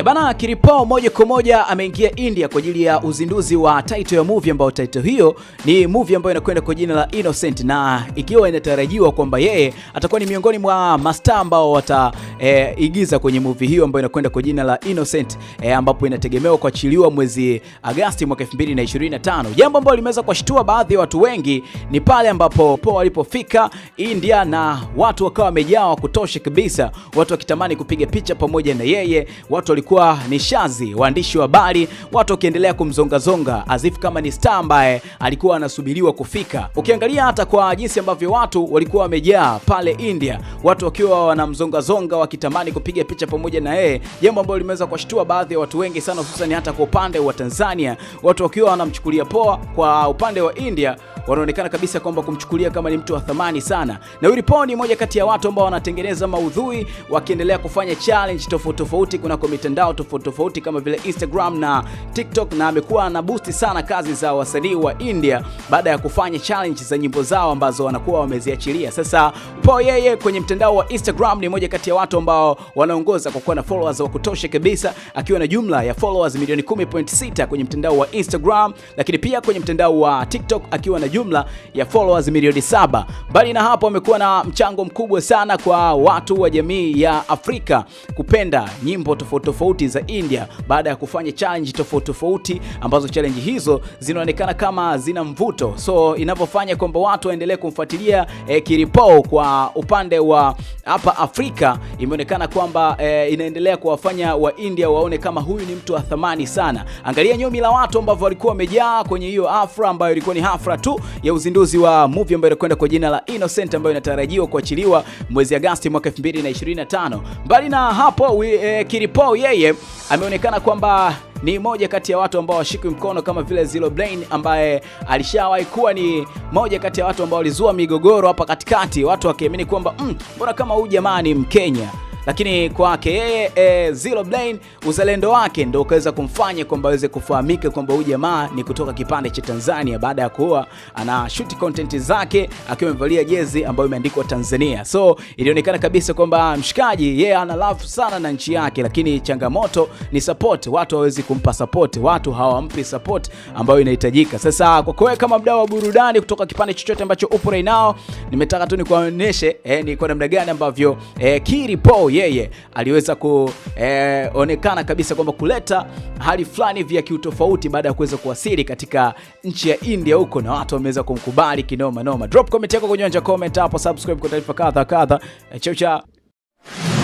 E bana, Kiripo moja kwa moja ameingia India kwa ajili ya uzinduzi wa title ya movie ambayo title hiyo ni movie ambayo inakwenda kwa jina la Innocent, na ikiwa inatarajiwa kwamba yeye atakuwa ni miongoni mwa mastaa ambao wataigiza eh, e, kwenye movie hiyo ambayo inakwenda kwa jina la Innocent e, ambapo inategemewa kuachiliwa mwezi Agasti mwaka 2025. Jambo ambalo limeweza kuwashtua baadhi ya watu wengi ni pale ambapo Paul alipofika India na watu wakawa wamejaa wa kutosha kabisa, watu wakitamani kupiga picha pamoja na yeye, watu kwa Nishazi, waandishi wa habari watu wakiendelea kumzongazonga azifu kama ni star ambaye alikuwa anasubiriwa kufika. Ukiangalia hata kwa jinsi ambavyo watu walikuwa wamejaa pale India, watu wakiwa wanamzongazonga wakitamani kupiga picha pamoja na yeye, jambo ambalo limeweza kuwashtua baadhi ya watu wengi sana, hususan hata kwa upande wa Tanzania, watu wakiwa wanamchukulia poa. Kwa upande wa India wanaonekana kabisa kwamba kumchukulia kama ni mtu wa thamani sana, na Willy Paul ni moja kati ya watu ambao wanatengeneza maudhui wakiendelea kufanya challenge tofauti tofauti kunako mitandao mitandao tofauti tofauti kama vile Instagram na TikTok, na amekuwa busti sana kazi za wasanii wa India baada ya kufanya challenge za nyimbo zao ambazo wanakuwa wameziachilia. Sasa Po yeye kwenye mtandao wa Instagram ni moja kati ya watu ambao wanaongoza kwa kuwa na followers wa kutosha kabisa, akiwa na jumla ya followers milioni 10.6 kwenye mtandao wa Instagram, lakini pia kwenye mtandao wa TikTok akiwa na jumla ya followers milioni saba Bali na hapo, amekuwa na mchango mkubwa sana kwa watu wa jamii ya Afrika kupenda nyimbo tofauti tofauti za India baada ya kufanya challenge tofauti tofauti, ambazo challenge hizo zinaonekana kama zina mvuto, so inavyofanya kwamba watu waendelee kumfuatilia eh, Kiripo. Kwa upande wa hapa Afrika imeonekana kwamba eh, inaendelea kuwafanya wa India waone kama huyu ni mtu wa thamani sana. Angalia nyumi la watu ambao walikuwa wamejaa kwenye hiyo hafla ambayo ilikuwa ni hafla tu ya uzinduzi wa movie ambayo inakwenda kwa jina la Innocent ambayo inatarajiwa kuachiliwa mwezi Agosti mwaka 2025. Mbali na hapo we, eh, Kiripo yeye yeye ameonekana kwamba ni moja kati ya watu ambao washikwi mkono kama vile Zilo Brain ambaye alishawahi kuwa ni moja kati ya watu ambao walizua migogoro hapa katikati, watu wakiamini kwamba mm, mbona mm, kama huyu jamaa ni Mkenya lakini kwake yeye e, Zero Blaine uzalendo wake ndio ukaweza kumfanya kwamba aweze kufahamika kwamba huyu jamaa ni kutoka kipande cha Tanzania, baada ya kuwa ana shoot content zake akiwa amevalia jezi ambayo imeandikwa Tanzania. So ilionekana kabisa kwamba mshikaji yeye yeah, ana love sana na nchi yake, lakini changamoto ni support. Watu hawawezi kumpa support, watu hawampi support ambayo inahitajika. Sasa kwa kweli, kama mdau wa burudani kutoka kipande chochote ambacho upo right now, nimetaka tu nikuoneshe eh, ni kwa namna gani ambavyo eh, Kiri Paul yeye aliweza kuonekana eh, e, kabisa kwamba kuleta hali fulani vya kiutofauti baada ya kuweza kuwasili katika nchi ya India huko na watu wameweza kumkubali kinoma noma. Drop comment yako kwenye comment hapo, subscribe kwa taarifa kadha kadha. Eh, chao chao.